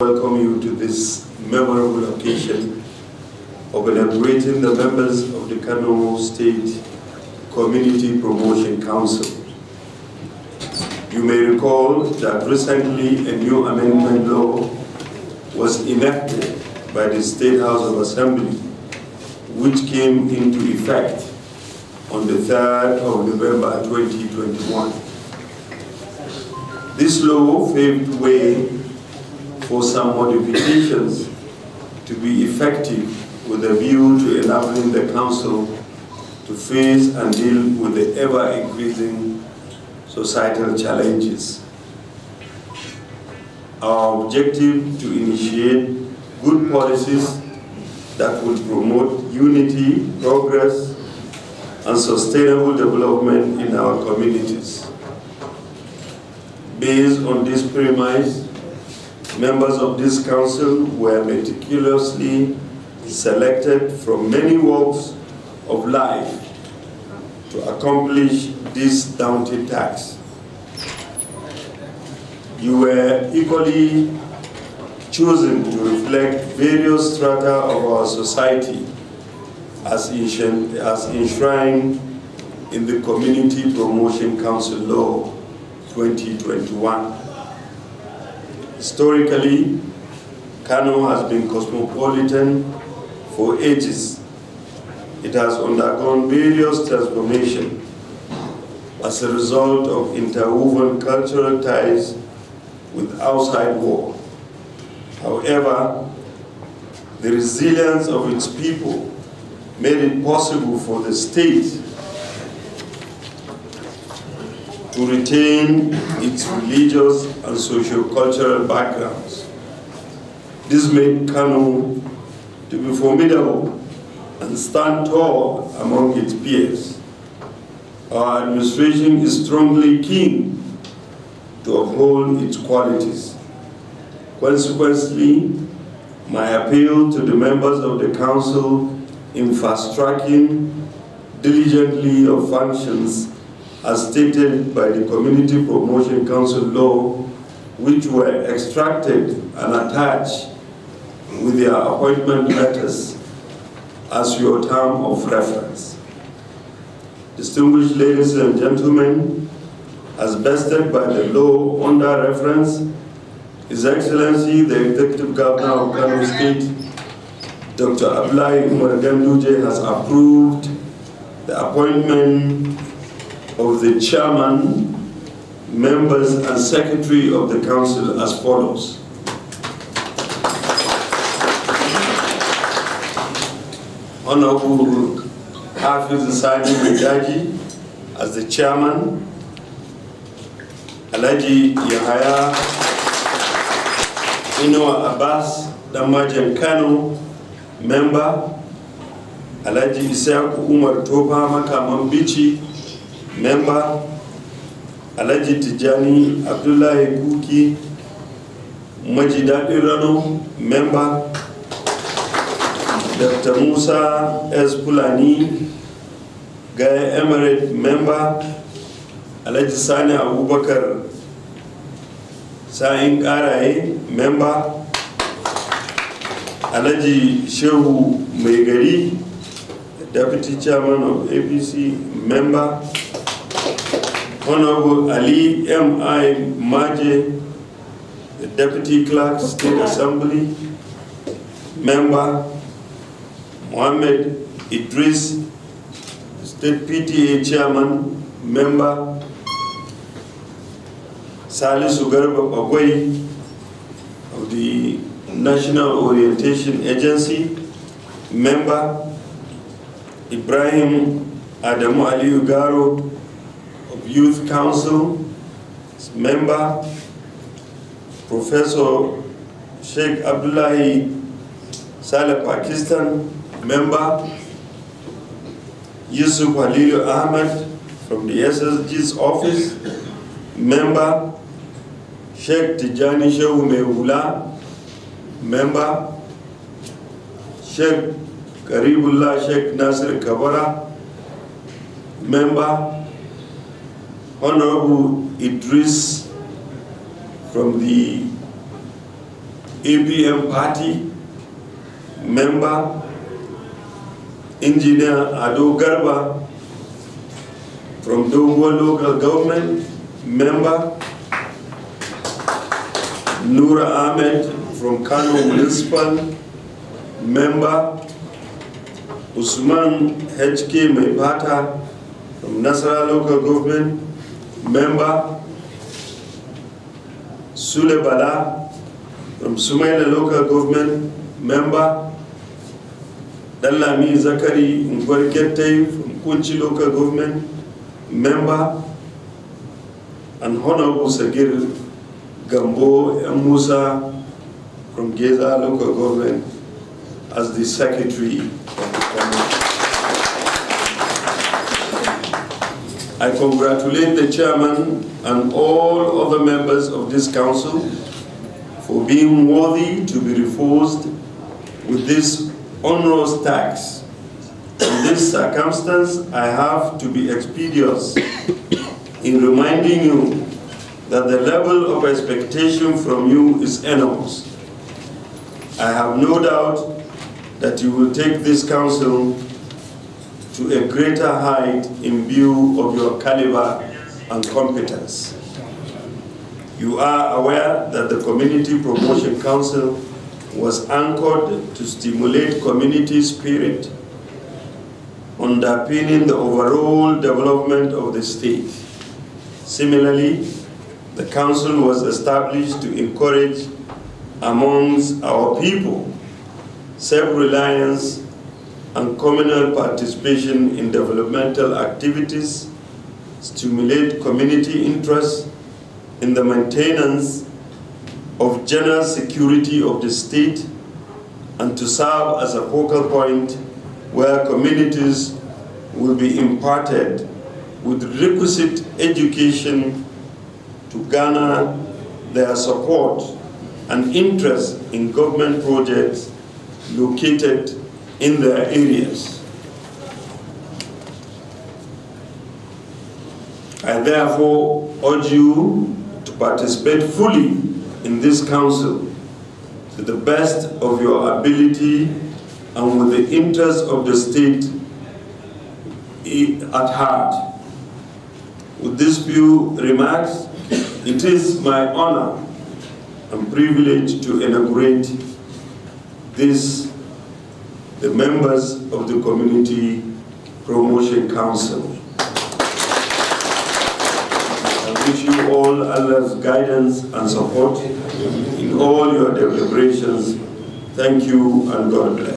welcome you to this memorable occasion of celebrating the members of the Kano State Community Promotion Council. You may recall that recently a new amendment law was enacted by the State House of Assembly which came into effect on the 3rd of November 2021. This law paved way for some modifications to be effective with a view to enabling the Council to face and deal with the ever-increasing societal challenges. Our objective to initiate good policies that will promote unity, progress, and sustainable development in our communities. Based on this premise, Members of this council were meticulously selected from many walks of life to accomplish this daunting task. You were equally chosen to reflect various strata of our society as, enshrined in the Community Promotion Council Law 2021. Historically, Kano has been cosmopolitan for ages. It has undergone various transformations as a result of interwoven cultural ties with outside world. However, the resilience of its people made it possible for the state to retain its religious and socio-cultural backgrounds. This made Kanu to be formidable and stand tall among its peers. Our administration is strongly keen to uphold its qualities. Consequently, my appeal to the members of the council in fast-tracking diligently of functions as stated by the Community Promotion Council law, which were extracted and attached with their appointment letters as your term of reference. Distinguished ladies and gentlemen, as vested by the law under reference, His Excellency the Executive Governor of Kano State, Dr. Abdullahi Umar Ganduje has approved the appointment of the chairman, members, and secretary of the council as follows. Honorable Hafiz Sadi Mujaji as the chairman, Alaji Yahaya Inua Abbas Damajan Kano, member, Alaji Isaku Umar Toba Makaman Bichi, memba alhaji tijjani abdullahi kuki maji daɗin rano memba dr musa s fulani gaya emirate memba alhaji sani abubakar sa'in karaye memba alhaji shehu mai gari deputy chairman of apc member Honorable Ali M.I. Maje, the Deputy Clerk, State Assembly, Member, Mohammed Idris, State PTA Chairman, Member, Salisu Garba Bagwai of the National Orientation Agency, Member, Ibrahim Adamu Ali Ugaro, Youth Council member, Professor Sheikh Abdullahi Saleh Pakistan member, Yusuf Halilu Ahmed from the SSG's office, member, Sheikh Tijani Shehu Mehula, member, Sheikh Karibullah Sheikh Nasir Kabara, member, Honorable Idris from the APM party, member, Engineer Ado Garba from Dongwa local government, member, Noura Ahmed from Kano municipal, member, Usman HK Maibata from Nasra local government, member, Sule Bala from Sumaila local government member, Dallami Zakari Ngwarikete from Kunchi local government member, and Honorable Sagir Gambo M. Musa from Geza local government as the secretary of the committee. I congratulate the chairman and all other members of this council for being worthy to be reforced with this onerous tax. In this circumstance, I have to be expeditious in reminding you that the level of expectation from you is enormous. I have no doubt that you will take this council to a greater height in view of your caliber and competence. You are aware that the Community Promotion Council was anchored to stimulate community spirit underpinning the overall development of the state. Similarly, the council was established to encourage amongst our people self-reliance and communal participation in developmental activities, stimulate community interest in the maintenance of general security of the state, and to serve as a focal point where communities will be imparted with requisite education to garner their support and interest in government projects located in their areas. I therefore urge you to participate fully in this council to the best of your ability and with the interests of the state at heart. With these few remarks, it is my honor and privilege to inaugurate this the members of the Community Promotion Council. I wish you all Allah's guidance and support in all your deliberations. Thank you and God bless.